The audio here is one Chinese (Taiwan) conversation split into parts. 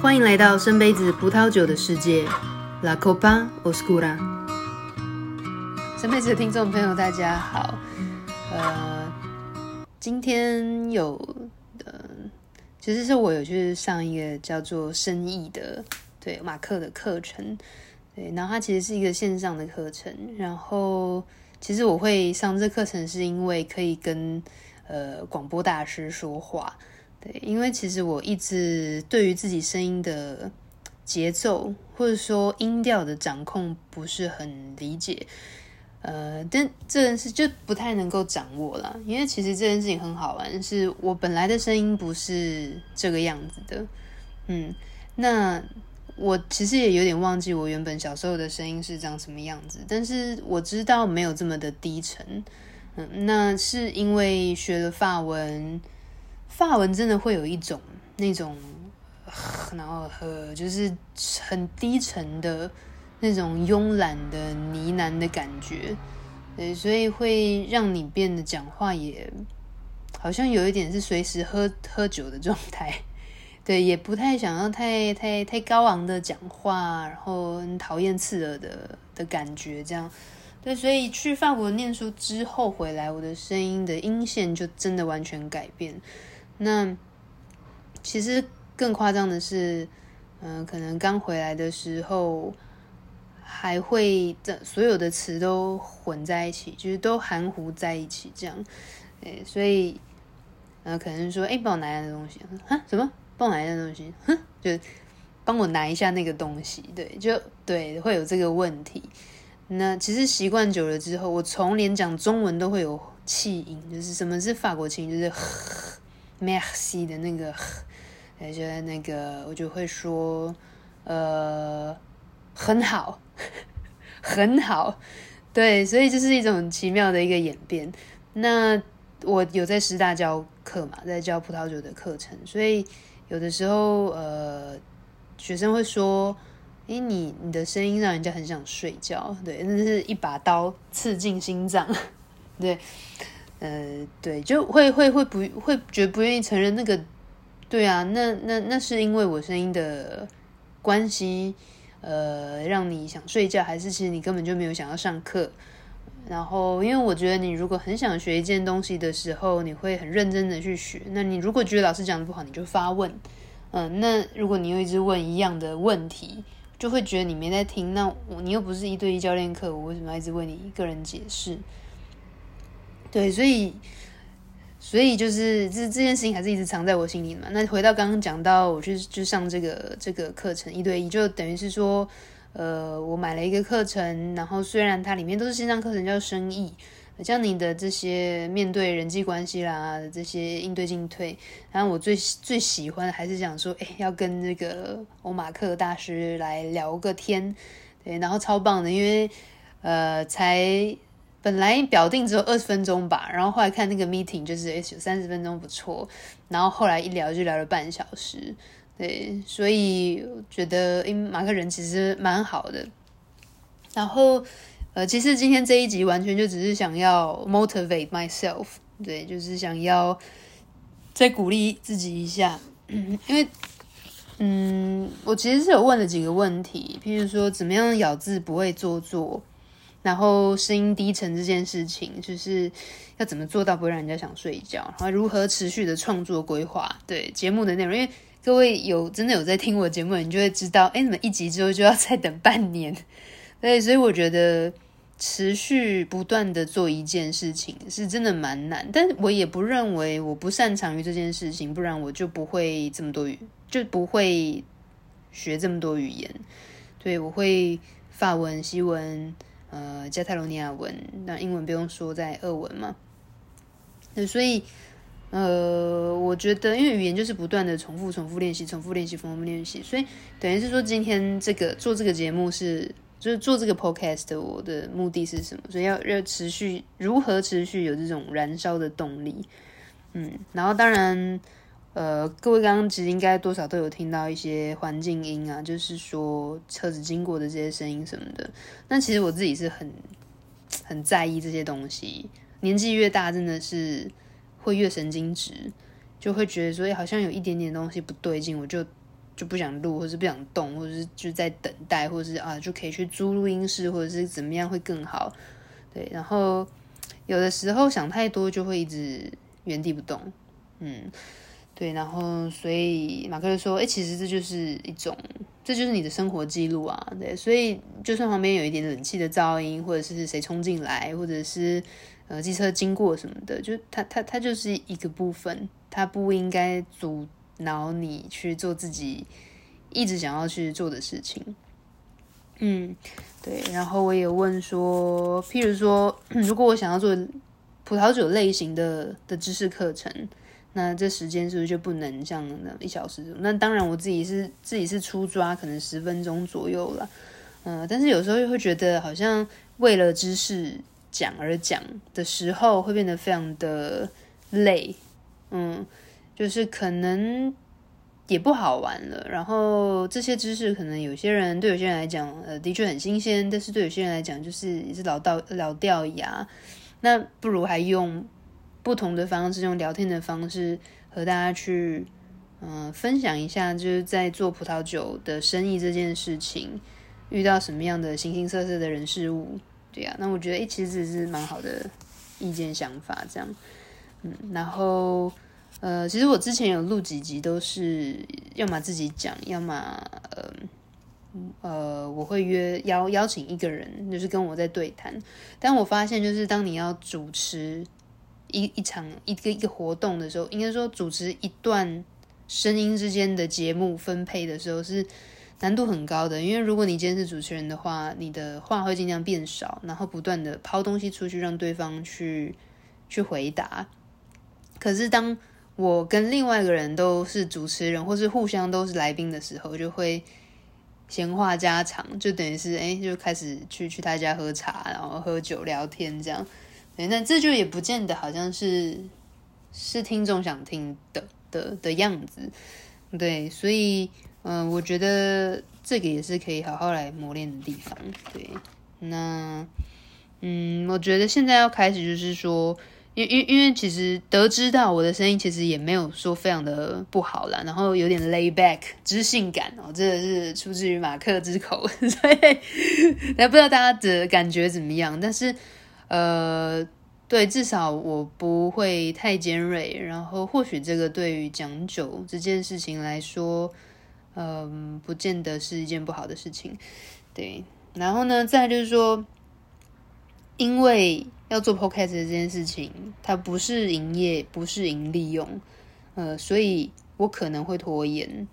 歡迎來到深杯子葡萄酒的世界，La Copa Oscura。深杯子的聽眾朋友，大家好。呃，今天有、呃，其實是我有去上一個叫做聲音的，對，馬克的課程，對，然後它其實是一個線上的課程。然後，其實我會上這課程是因為可以跟呃廣播大師說話。對，因為其實我一直對於自己聲音的節奏或者說音調的掌控不是很理解，呃，但這件事就不太能夠掌握啦，因為其實這件事情很好玩，是我本來的聲音不是這個樣子的，嗯，那我其實也有點忘記我原本小時候的聲音是長什麼樣子，但是我知道沒有這麼的低沉，嗯，那是因為學了法文。法文真的會有一種那種，呃、然後呃，就是很低沉的那種慵懶的呢喃的感覺，對，所以會讓你變得講話也好像有一點是隨時喝喝酒的狀態，對，也不太想要太太太高昂的講話，然後討厭刺耳的的感覺，這樣，對，所以去法國念書之後回來，我的聲音的音線就真的完全改變。那其實更誇張的是，嗯、呃，可能剛回來的時候還會這，所有的詞都混在一起，就是都含糊在一起這樣。哎，所以呃，可能說：“哎、欸，幫我拿一下東西啊，什麼幫我拿一下東西，哼，就幫我拿一下那個東西。”對，就對，會有這個問題。那其實習慣久了之後，我從連講中文都會有氣音，就是什麼是法國氣音，就是。Merci 的那個，感覺那個我就會說，呃，很好，呵呵，很好，對，所以這是一種奇妙的一個演變。那我有在師大教課嘛，在教葡萄酒的課程，所以有的時候呃，學生會說，誒、欸、你，你的聲音讓人家很想睡覺，對，那是一把刀刺進心臟，對。呃，對，就會會會不會覺得不願意承認那個，對啊，那那那是因為我聲音的關係，呃，讓你想睡覺，還是其實你根本就沒有想要上課？然後，因為我覺得你如果很想學一件東西的時候，你會很認真的去學。那你如果覺得老師講的不好，你就發問，嗯、呃，那如果你又一直問一樣的問題，就會覺得你沒在聽。那你又不是一對一教練課，我為什麼要一直為你一個人解釋？對，所以，所以就是這這件事情還是一直藏在我心裡嘛。那回到剛剛講到，我就就上這個這個課程一對一，就等於是說，呃，我買了一個課程，然後雖然它裡面都是線上課程，叫生意，像你的這些面對人際關係啦，這些應對進退，然後我最最喜歡還是講說，哎，要跟那個歐馬克大師來聊個天，對，然後超棒的，因為呃才。本來表定只有二十分鐘吧，然後後來看那個 meeting 就是有三十分鐘，不錯。然後後來一聊就聊了半小時，對，所以覺得因馬克人其實蠻好的。然後呃，其實今天這一集完全就只是想要 motivate myself，對，就是想要再鼓勵自己一下，嗯，因為嗯，我其實是有問了幾個問題，譬如說怎麼樣咬字不會做作。然後聲音低沉這件事情，就是要怎麼做到不讓人家想睡覺？然後如何持續的創作規劃？對節目的內容，因為各位有真的有在聽我的節目，你就會知道，哎，怎麼一集之後就要再等半年？對，所以我覺得持續不斷的做一件事情是真的蠻難，但我也不認為我不擅長於這件事情，不然我就不會這麼多語，就不會學這麼多語言。對我會法文、西文。呃，加泰羅尼亞文，那英文不用說，在俄文嘛。那所以，呃，我覺得，因為語言就是不斷的重複、重複練習、重複練習、重複練習，所以等於是說，今天這個做這個節目是，就是做這個 podcast，我的目的是什麼？所以要要持續，如何持續有這種燃燒的動力？嗯，然後當然。呃，各位剛剛其實應該多少都有聽到一些環境音啊，就是說車子經過的這些聲音什麼的。那其實我自己是很很在意這些東西。年紀越大，真的是會越神經質，就會覺得說，欸，好像有一點點東西不對勁，我就就不想錄，或者不想動，或者是就在等待，或者是啊，就可以去租錄音室，或者是怎麼樣會更好。對，然後有的時候想太多，就會一直原地不動。嗯。對，然後所以馬克就說：“誒、欸，其實這就是一種，這就是你的生活記錄啊。”對，所以就算旁邊有一點冷氣的噪音，或者是誰衝進來，或者是呃機車經過什麼的，就它它它就是一個部分，它不應該阻撓你去做自己一直想要去做的事情。嗯，對。然後我也問說，譬如說，如果我想要做葡萄酒類型的的知識課程。那這時間是不是就不能像那樣一小時？那當然，我自己是自己是粗抓，可能十分鐘左右了。嗯，但是有時候又會覺得，好像為了知識講而講的時候，會變得非常的累。嗯，就是可能也不好玩了。然後這些知識，可能有些人對有些人來講，呃，的確很新鮮，但是對有些人來講，就是也是老到老掉牙。那不如還用。不同的方式，用聊天的方式和大家去，嗯、呃，分享一下，就是在做葡萄酒的生意這件事情，遇到什麼樣的形形色色的人事物，對呀、啊。那我覺得，誒、欸，其實是蠻好的意見想法，這樣，嗯。然後，呃，其實我之前有錄幾集，都是要麼自己講，要麼，嗯、呃，呃，我會約邀邀請一個人，就是跟我在對談。但我發現，就是當你要主持。一一場一個一個活動的時候，應該說主持一段聲音之間的節目分配的時候是難度很高的，因為如果你今天是主持人的話，你的話會盡量變少，然後不斷的拋東西出去讓對方去去回答。可是當我跟另外一個人都是主持人，或是互相都是來賓的時候，就會閒話家常，就等於是誒、欸，就開始去去他家喝茶，然後喝酒聊天這樣。那這就也不見得好像是是聽眾想聽的的的樣子，對，所以嗯，我覺得這個也是可以好好來磨練的地方。對，那嗯，我覺得現在要開始就是說，因因因為其實得知到我的聲音其實也沒有說非常的不好啦，然後有點 lay back 知性感哦，真的是出自於馬克之口，所以也不知道大家的感覺怎麼樣，但是。呃，對，至少我不會太尖銳。然後，或許這個對於講酒這件事情來說，嗯、呃，不見得是一件不好的事情。對，然後呢，再來就是說，因為要做 podcast 這件事情，它不是營業，不是營利用，呃，所以我可能會拖延。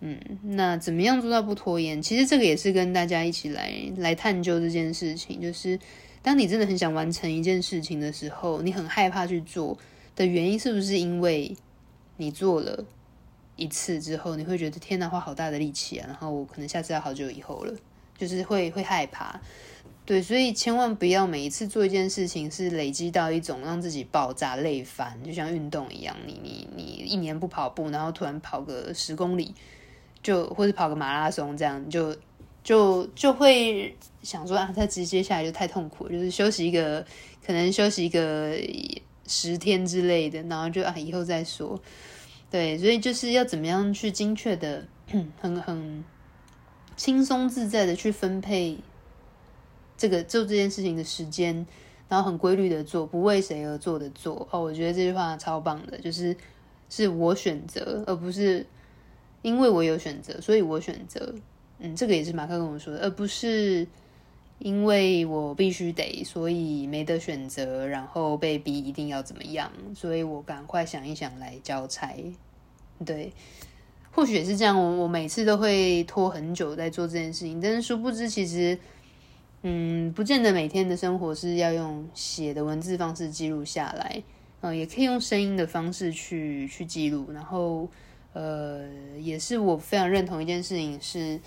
嗯，那怎麼樣做到不拖延？其實這個也是跟大家一起來來探究這件事情。就是當你真的很想完成一件事情的時候，你很害怕去做的原因，是不是因為你做了一次之後，你會覺得天哪，花好大的力氣啊！然後我可能下次要好久以後了，就是會會害怕。對，所以千萬不要每一次做一件事情是累積到一種讓自己爆炸累煩，就像運動一樣，你你你一年不跑步，然後突然跑個十公里。就或者跑個馬拉松這樣，就就就會想說啊，再直接下來就太痛苦，就是休息一個，可能休息一個十天之類的，然後就啊，以後再說。對，所以就是要怎麼樣去精確的、很很輕鬆自在的去分配這個做這件事情的時間，然後很規律的做，不為誰而做的做。哦、oh，我覺得這句話超棒的，就是是我選擇，而不是。因為我有選擇，所以我選擇。嗯，這個也是馬克跟我們說的，而、呃、不是因為我必須得，所以沒得選擇，然後被逼，一定要怎麼樣，所以我趕快想一想來交差。對，或許也是這樣。我我每次都會拖很久在做這件事情，但是殊不知，其實，嗯，不見得每天的生活是要用寫的文字方式記錄下來，嗯、呃，也可以用聲音的方式去去記錄，然後。呃，也是我非常認同一件事情，是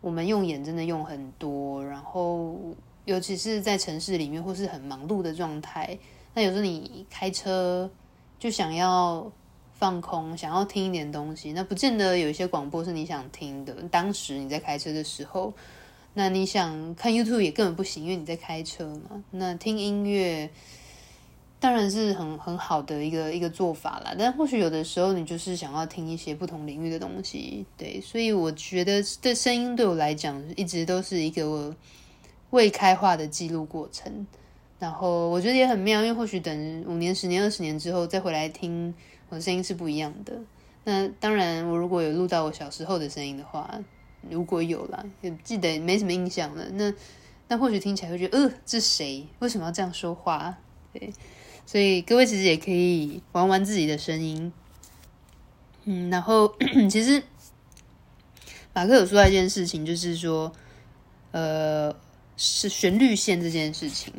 我們用眼真的用很多，然後尤其是在城市裡面或是很忙碌的狀態，那有時候你開車就想要放空，想要聽一點東西，那不見得有一些廣播是你想聽的，當時你在開車的時候，那你想看 YouTube 也根本不行，因為你在開車嘛，那聽音樂。當然是很很好的一個一個做法啦，但或許有的時候你就是想要聽一些不同領域的東西，對，所以我覺得這聲音對我來講一直都是一個我未開化的記錄過程，然後我覺得也很妙，因為或許等五年、十年、二十年之後再回來聽我的聲音是不一樣的。那當然，我如果有錄到我小時候的聲音的話，如果有啦，也記得也沒什麼印象了，那那或許聽起來會覺得，呃，這誰為什麼要這樣說話？對。所以各位其實也可以玩玩自己的聲音，嗯，然後 其實馬克有說到一件事情，就是說，呃，是旋律線這件事情。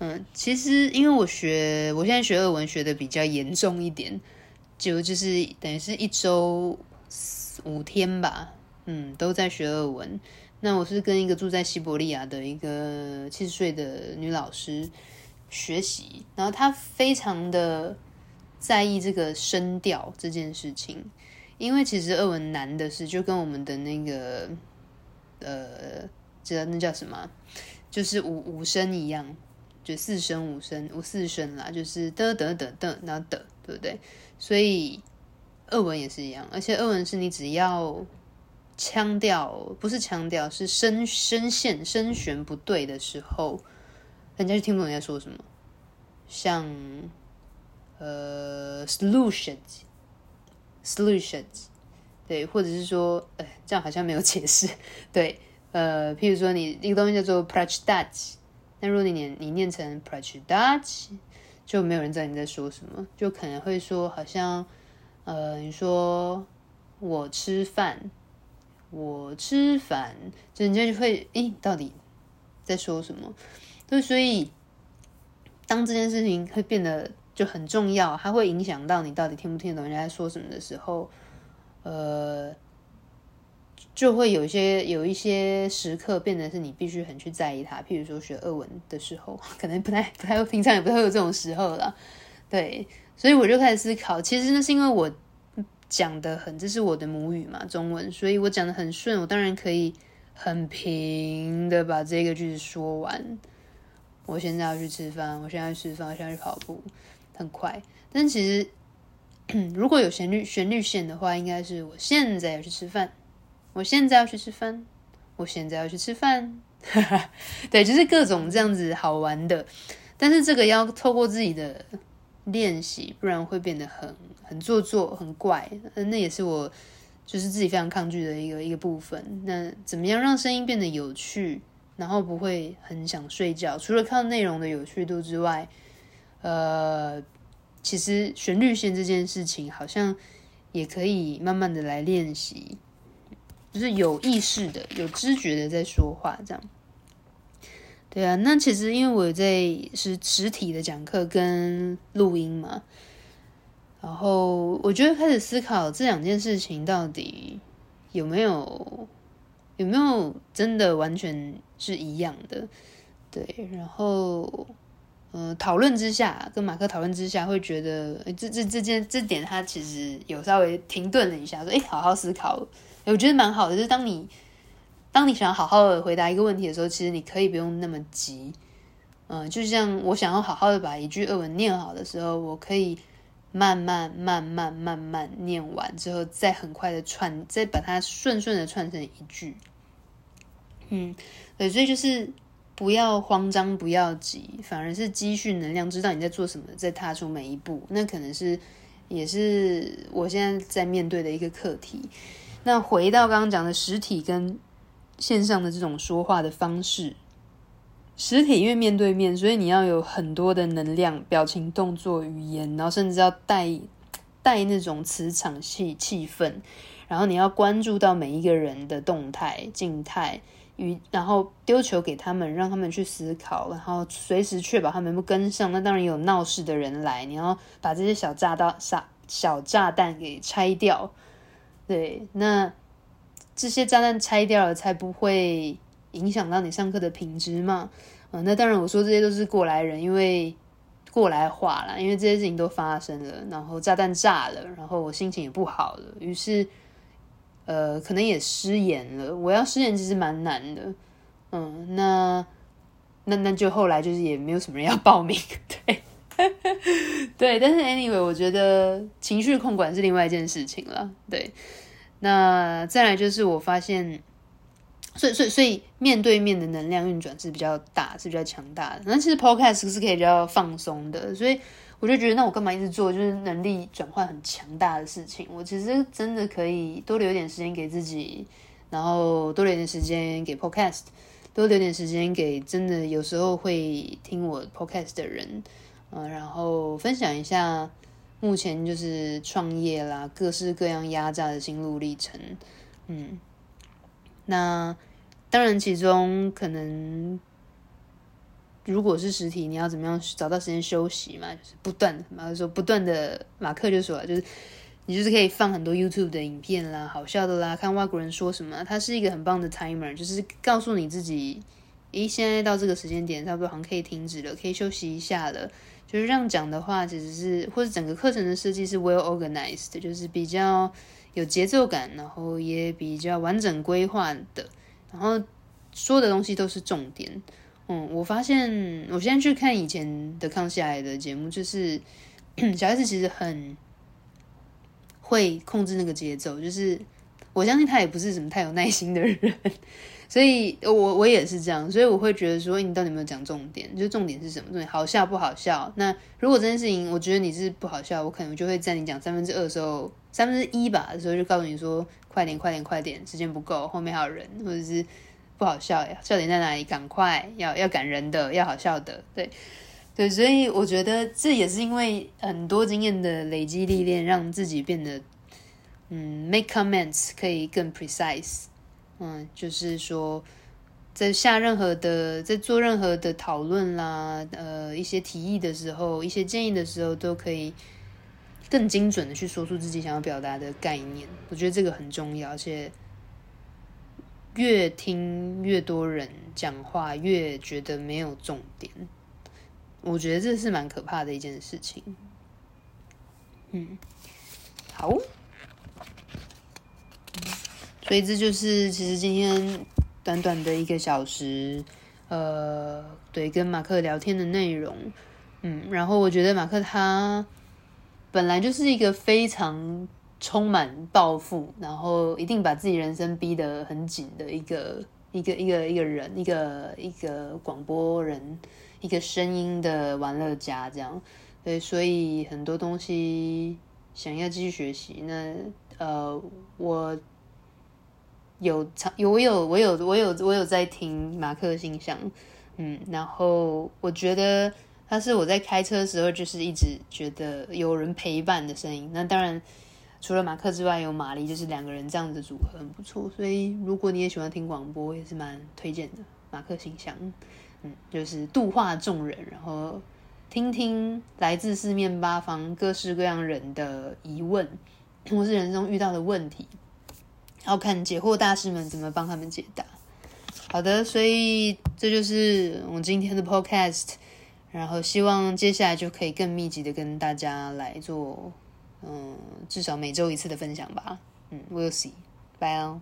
嗯，其實因為我學，我現在學俄文學得比較嚴重一點，就就是等於是一周五天吧，嗯，都在學俄文。那我是跟一個住在西伯利亞的一個七十歲的女老師，學習，然後他非常的在意這個聲調這件事情，因為其實俄文難的是就跟我們的那個，呃，知道那叫什麼，就是五五聲一樣，就四聲五聲五四聲啦，就是的的的的，然後的，對不對？所以俄文也是一樣，而且俄文是你只要腔調不是腔調，是聲聲線聲弦不對的時候。人家就聽不懂你在說什麼，像呃，solutions，solutions，對，或者是說，哎、欸，這樣好像沒有解釋，對，呃，譬如說你，你一個東西叫做 prachdage，那如果你念你念成 prachdage，就沒有人知道你在說什麼，就可能會說，好像呃，你說我吃飯，我吃飯，就人家就會，咦、欸，到底在說什麼？就所以當這件事情會變得就很重要，它會影響到你到底聽不聽得懂人家說什麼的時候，呃，就會有一些有一些時刻變得是你必須很去在意它。譬如說學俄文的時候，可能不太不太，平常也不太會有這種時候啦。對，所以我就開始思考，其實那是因為我講的很，這是我的母語嘛，中文，所以我講的很順，我當然可以很平的把這個句子說完。我現在要去吃飯，我現在要去吃飯，我現在要去跑步，很快。但其實，如果有旋律旋律線的話，應該是我現在要去吃飯，我現在要去吃飯，我現在要去吃飯。 對，就是各種這樣子好玩的。但是這個要透過自己的練習，不然會變得很很做作、很怪。那也是我就是自己非常抗拒的一個一個部分。那怎麼樣讓聲音變得有趣？然後不會很想睡覺，除了看內容的有趣度之外，呃，其實旋律線這件事情好像也可以慢慢的來練習，就是有意識的、有知覺的在說話，這樣。對啊，那其實因為我在是實體的講課跟錄音嘛，然後我覺得開始思考這兩件事情到底有沒有。有沒有真的完全是一樣的？對，然後，呃，討論之下，跟馬克討論之下，會覺得、欸、這這這件這點，他其實有稍微停頓了一下，說：“哎、欸，好好思考。欸”我覺得蠻好的，就是當你當你想要好好的回答一個問題的時候，其實你可以不用那麼急。嗯、呃，就像我想要好好的把一句日文念好的時候，我可以。慢慢慢慢慢慢念完之後，再很快的串，再把它順順的串成一句。嗯，對，所以就是不要慌張，不要急，反而是積蓄能量，知道你在做什麼，再踏出每一步。那可能是也是我現在在面對的一個課題。那回到剛剛講的實體跟線上的這種說話的方式。實體因為面對面，所以你要有很多的能量、表情、動作、語言，然後甚至要帶帶那種磁場氣氣氛，然後你要關注到每一個人的動態、靜態與，然後丟球給他們，讓他們去思考，然後隨時確保他們不跟上。那當然有鬧事的人來，你要把這些小炸彈、小小炸彈給拆掉。對，那這些炸彈拆掉了，才不會。影響到你上課的品質嗎？嗯，那當然，我說這些都是過來人，因為過來話啦。因為這些事情都發生了，然後炸彈炸了，然後我心情也不好了，於是，呃，可能也失言了。我要失言其實蠻難的，嗯，那那那就後來就是也沒有什麼人要報名，對， 對，但是 anyway，我覺得情緒控管是另外一件事情了，對，那再來就是我發現。所以，所以，所以，面對面的能量運轉是比較大，是比較強大的。那其實 Podcast 是可以比較放鬆的，所以我就覺得，那我幹嘛一直做就是能力轉換很強大的事情？我其實真的可以多留點時間給自己，然後多留點時間給 Podcast，多留點時間給真的有時候會聽我 Podcast 的人，嗯，然後分享一下目前就是創業啦，各式各樣壓榨的心路歷程，嗯，那。當然，其中可能如果是實體，你要怎麼樣找到時間休息嘛？就是不斷的，嘛說不斷的，馬克就說了，就是你就是可以放很多 YouTube 的影片啦，好笑的啦，看外國人說什麼。他是一個很棒的 timer，就是告訴你自己，咦，現在到這個時間點，差不多好像可以停止了，可以休息一下了。就是這樣講的話，其實是或者整個課程的設計是 well organized 的，就是比較有節奏感，然後也比較完整規劃的。然後說的東西都是重點，嗯，我發現我現在去看以前的康熙來了的節目，就是小孩子其實很會控制那個節奏，就是。我相信他也不是什麼太有耐心的人，所以我我也是這樣，所以我會覺得說，欸，你到底有沒有講重點？就重點是什麼？重點好笑不好笑？那如果這件事情，我覺得你是不好笑，我可能就會在你講三分之二的時候，三分之一吧的時候就告訴你說，快點快點快點，時間不夠，後面還有人，或者是不好笑，笑點在哪裡？趕快要要感人的，的要好笑的，對對，所以我覺得這也是因為很多經驗的累積歷練，讓自己變得。嗯，make comments 可以更 precise。嗯，就是說，在下任何的，在做任何的討論啦，呃，一些提議的時候，一些建議的時候，都可以更精準的去說出自己想要表達的概念。我覺得這個很重要，而且越聽越多人講話，越覺得沒有重點。我覺得這是蠻可怕的一件事情。嗯，好。所以這就是其實今天短短的一個小時，呃，對，跟馬克聊天的內容，嗯，然後我覺得馬克他本來就是一個非常充滿抱負，然後一定把自己人生逼得很緊的一個一個一個一個人，一個一個廣播人，一個聲音的玩樂家，這樣，對，所以很多東西想要繼續學習，那呃，我。有有我有我有我有我有在聽馬克信箱，嗯，然後我覺得他是我在開車的時候就是一直覺得有人陪伴的聲音。那當然除了馬克之外，有瑪麗就是兩個人這樣子組合很不錯。所以如果你也喜歡聽廣播，也是蠻推薦的。馬克信箱，嗯，就是度化眾人，然後聽聽來自四面八方各式各樣人的疑問或是人生中遇到的問題。要看解惑大師們怎麼幫他們解答。好的，所以這就是我今天的 podcast。然後希望接下來就可以更密集的跟大家來做，嗯，至少每週一次的分享吧。嗯，We'll see。拜哦。